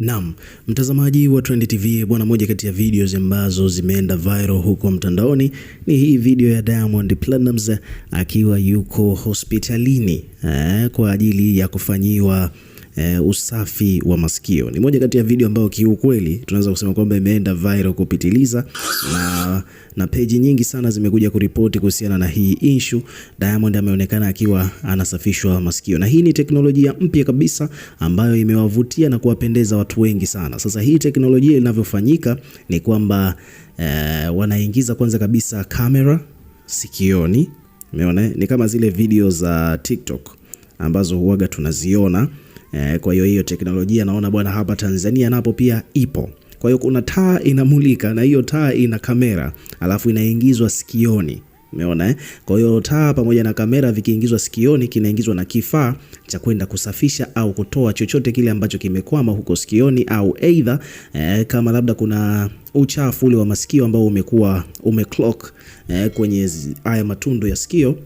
Naam, mtazamaji wa Trend TV bwana, moja kati ya video ambazo zimeenda viral huko mtandaoni ni hii video ya Diamond Platnumz akiwa yuko hospitalini eh, kwa ajili ya kufanyiwa e, usafi wa masikio. Ni moja kati ya video ambayo kiukweli tunaweza kusema kwamba imeenda viral kupitiliza, na, na peji nyingi sana zimekuja kuripoti kuhusiana na hii issue. Diamond ameonekana akiwa anasafishwa masikio, na hii ni teknolojia mpya kabisa ambayo imewavutia na kuwapendeza watu wengi sana. Sasa hii teknolojia inavyofanyika ni kwamba e, wanaingiza kwanza kabisa kamera sikioni, umeona ni kama zile video za TikTok ambazo huaga tunaziona eh, kwa hiyo hiyo teknolojia naona bwana hapa Tanzania napo pia ipo. Kwa hiyo kuna taa inamulika na hiyo taa ina kamera alafu inaingizwa sikioni. Umeona eh? Kwa hiyo taa pamoja na kamera vikiingizwa sikioni, kinaingizwa na kifaa cha kwenda kusafisha au kutoa chochote kile ambacho kimekwama huko sikioni, au aidha eh, kama labda kuna uchafu ule wa masikio ambao umekuwa umeclock eh, kwenye haya matundu ya sikio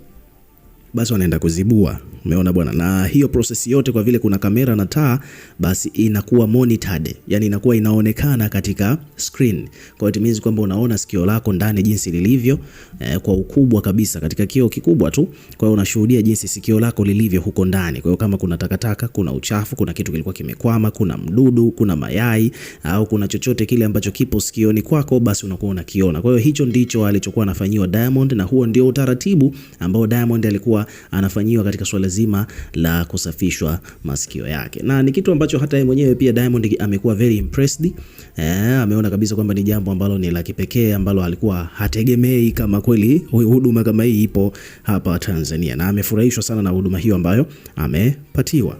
basi wanaenda kuzibua. Umeona bwana, na hiyo prosesi yote kwa vile kuna kamera na taa, basi inakuwa monitored, yani inakuwa inaonekana katika screen. Kwa hiyo it means kwamba unaona sikio lako ndani jinsi lilivyo eh, kwa ukubwa kabisa katika kio kikubwa tu. Kwa hiyo unashuhudia jinsi sikio lako lilivyo huko ndani. Kwa hiyo kama kuna takataka, kuna uchafu, kuna kitu kilikuwa kimekwama, kuna mdudu, kuna mayai au kuna chochote kile ambacho kipo sikioni kwako, basi unakuwa unakiona. Kwa hiyo hicho ndicho alichokuwa anafanyiwa Diamond, na huo ndio utaratibu ambao Diamond alikuwa anafanyiwa katika swala zima la kusafishwa masikio yake, na ni kitu ambacho hata yeye mwenyewe pia Diamond amekuwa very impressed. Eh, ameona kabisa kwamba ni jambo ambalo ni la kipekee ambalo alikuwa hategemei kama kweli huduma kama hii ipo hapa Tanzania, na amefurahishwa sana na huduma hiyo ambayo amepatiwa.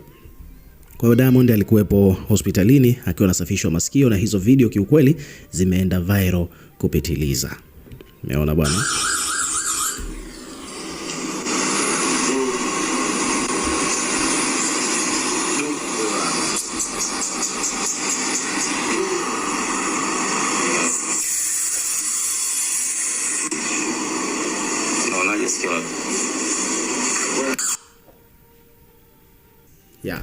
Kwa hiyo Diamond alikuwepo hospitalini akiwa anasafishwa masikio na hizo video kiukweli zimeenda viral kupitiliza. Umeona bwana?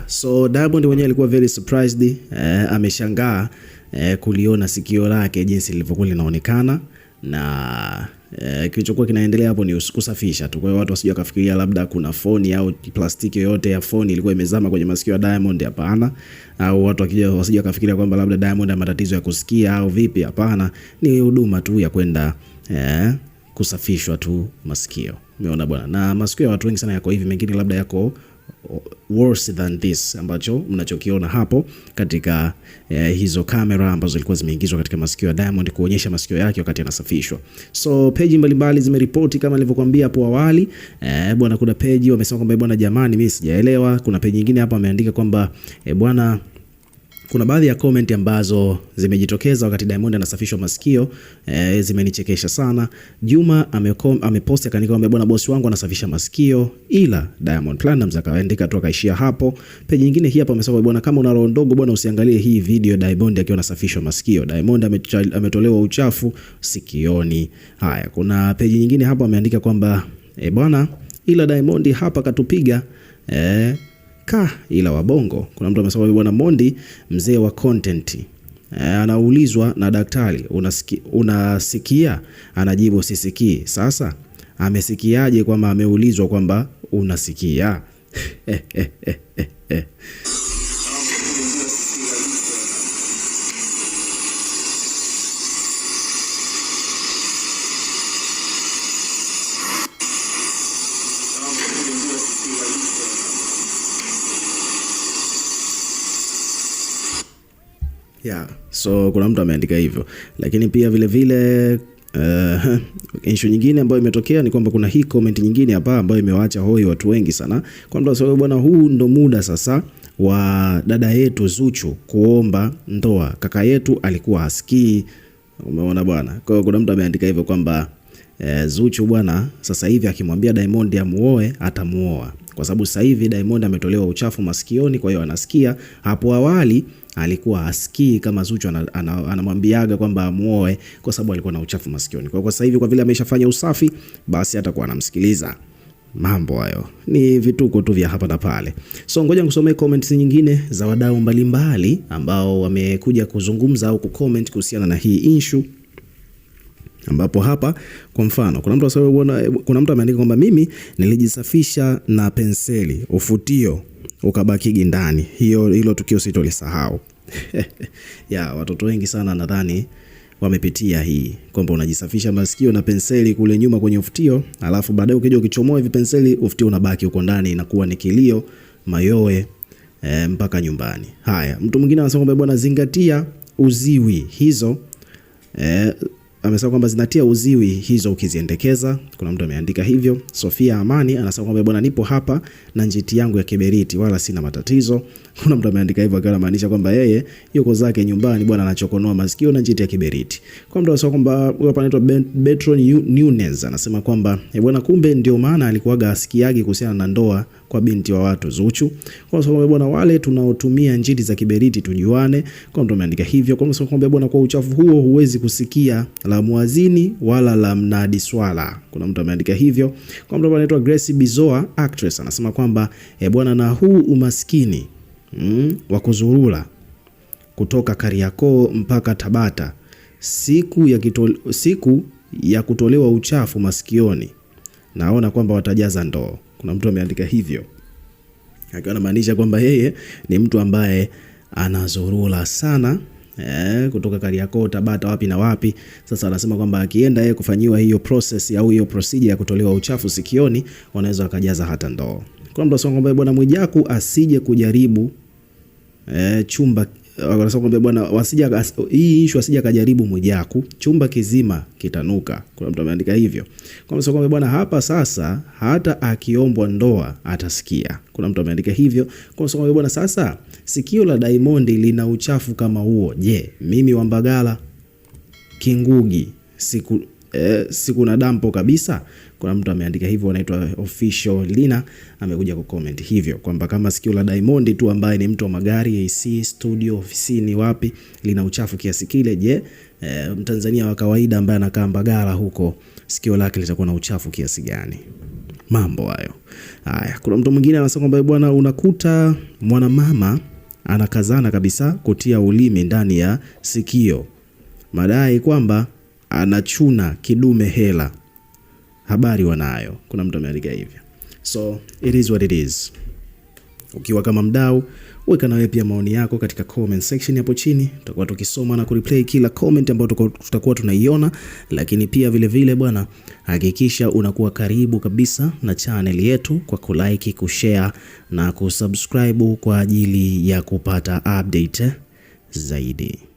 So Diamond mwenyewe alikuwa very surprised eh, ameshangaa eh, kuliona sikio lake jinsi lilivyokuwa linaonekana na eh, kilichokuwa kinaendelea hapo ni kusafisha tu. Kwa hiyo watu wasije wakafikiria labda kuna foni au plastiki yoyote ya foni ilikuwa imezama kwenye masikio ya Diamond, hapana. Au watu wasije wakafikiria kwamba labda Diamond ana matatizo ya kusikia au vipi, hapana. Ni huduma tu ya kwenda eh, kusafishwa tu masikio. Umeona bwana, na masikio ya watu wengi sana yako hivi, mengine labda yako worse than this ambacho mnachokiona hapo katika eh, hizo kamera ambazo zilikuwa zimeingizwa katika masikio ya Diamond kuonyesha masikio yake wakati anasafishwa. So peji mbalimbali zimeripoti kama nilivyokuambia hapo awali eh, bwana, kuna peji wamesema kwamba eh, bwana, jamani, mimi sijaelewa. Kuna peji nyingine hapa ameandika kwamba eh, bwana kuna baadhi ya comment ambazo zimejitokeza wakati Diamond anasafishwa masikio e, zimenichekesha sana. Juma amekom, ame akaniambia bwana bosi wangu anasafisha masikio, ila Diamond Platnumz akaandika tu akaishia hapo. Peji nyingine hii hapa amesema bwana, kama una roho ndogo bwana usiangalie hii video Diamond akiwa anasafishwa masikio. Diamond ametolewa uchafu sikioni. Haya, kuna peji nyingine hapo ameandika kwamba e, bwana ila Diamond hapa katupiga e, ka ila wabongo Kuna mtu amesema bwana Mondi mzee wa content eh, anaulizwa na daktari unasikia, unasikia? Anajibu sisikii. Sasa amesikiaje kwamba ameulizwa kwamba unasikia? yeah. So kuna mtu ameandika hivyo, lakini pia vilevile uh, eh, issue nyingine ambayo imetokea ni kwamba kuna hii comment nyingine hapa ambayo imewaacha hoi watu wengi sana, kwamba sababu bwana, huu ndo muda sasa wa dada yetu Zuchu kuomba ndoa, kaka yetu alikuwa hasikii. Umeona bwana. Kwa hiyo kuna mtu ameandika hivyo kwamba eh, Zuchu bwana sasa hivi akimwambia Diamond amuoe atamuoa, kwa sababu sasa hivi Diamond ametolewa uchafu masikioni, kwa hiyo anasikia. Hapo awali alikuwa asikii kama Zuchu anamwambiaga ana, ana kwamba amuoe kwa sababu alikuwa na uchafu masikioni. Kwa sasa hivi kwa vile ameshafanya usafi, basi atakuwa anamsikiliza. Mambo hayo ni vituko tu vya hapa na pale. So ngoja nikusomee comments nyingine za wadau mbalimbali ambao wamekuja kuzungumza au kucomment kuhusiana na hii issue ambapo hapa kwa mfano kuna mtu uona, kuna mtu ameandika kwamba mimi nilijisafisha na penseli, ufutio ukabakigi ndani. Hiyo hilo tukio sitolisahau. ya watoto wengi sana nadhani wamepitia hii kwamba unajisafisha masikio na penseli kule nyuma kwenye ufutio, alafu baadaye ukija ukichomoa hivi penseli, ufutio unabaki huko ndani, inakuwa ni kilio mayowe e, mpaka nyumbani. Haya, mtu mwingine anasema kwamba bwana, zingatia uziwi hizo e, amesema kwamba zinatia uziwi hizo ukiziendekeza. Kuna mtu ameandika hivyo. Sofia Amani anasema kwamba bwana, nipo hapa na njiti yangu ya kiberiti, wala sina matatizo. Kuna mtu ameandika hivyo akiwa anamaanisha kwamba yeye yuko zake nyumbani bwana, anachokonoa masikio na njiti ya kiberiti. Kwa mtu anasema kwamba huyo hapa anaitwa Betron Nunes anasema kwamba eh, bwana, kumbe ndio maana alikuwaga asikiagi kuhusiana na ndoa kwa binti wa watu Zuchu. Kwa sababu bwana, wale tunaotumia njiri za kiberiti tujuane, kwa mtu ameandika hivyo. Kwa sababu bwana, kwa uchafu huo huwezi kusikia la muazini wala la mnadi swala. Kuna mtu ameandika hivyo. Kwa mtu anaitwa Grace Bizoa actress anasema kwamba e bwana, na huu umaskini mm, wa kuzurura kutoka Kariakoo mpaka Tabata siku ya, kitole, siku ya kutolewa uchafu masikioni, naona kwamba watajaza ndoo. Kuna mtu ameandika hivyo akiwa anamaanisha kwamba yeye ni mtu ambaye anazurula sana eh, kutoka Kariakoo, Tabata, wapi na wapi. Sasa anasema kwamba akienda yeye kufanyiwa hiyo process au hiyo procedure ya kutolewa uchafu sikioni, wanaweza wakajaza hata ndoo. Kuna mtu asema kwamba bwana Mwijaku asije kujaribu eh, chumba wanasema kwamba bwana, wasija hii asija kajaribu Mwijaku, chumba kizima kitanuka. Kuna mtu ameandika hivyo, wanasema kwamba bwana, hapa sasa hata akiombwa ndoa atasikia. Kuna mtu ameandika hivyo, wanasema kwamba bwana, sasa sikio la Diamond lina uchafu kama huo, je, mimi wa Mbagala Kingugi siku eh, si kuna dampo kabisa. Kuna mtu ameandika hivyo, anaitwa official Lina, amekuja ku comment hivyo kwamba kama sikio la Diamond tu ambaye ni mtu wa magari, AC, studio, ofisini, wapi lina uchafu kiasi kile, je, eh, Mtanzania wa kawaida ambaye anakaa Mbagala huko sikio lake litakuwa na uchafu kiasi gani? Mambo hayo haya. Kuna mtu mwingine anasema kwamba eh, bwana, unakuta mwanamama anakazana kabisa kutia ulimi ndani ya sikio madai kwamba anachuna kidume hela. Habari wanayo, kuna mtu ameandika hivyo. So it is what it is. Ukiwa kama mdau, weka wewe pia maoni yako katika comment section hapo chini. Tutakuwa tukisoma na kureplay kila comment ambayo tutakuwa tunaiona, lakini pia vile vile bwana, hakikisha unakuwa karibu kabisa na channel yetu kwa kulike, kushare na kusubscribe kwa ajili ya kupata update zaidi.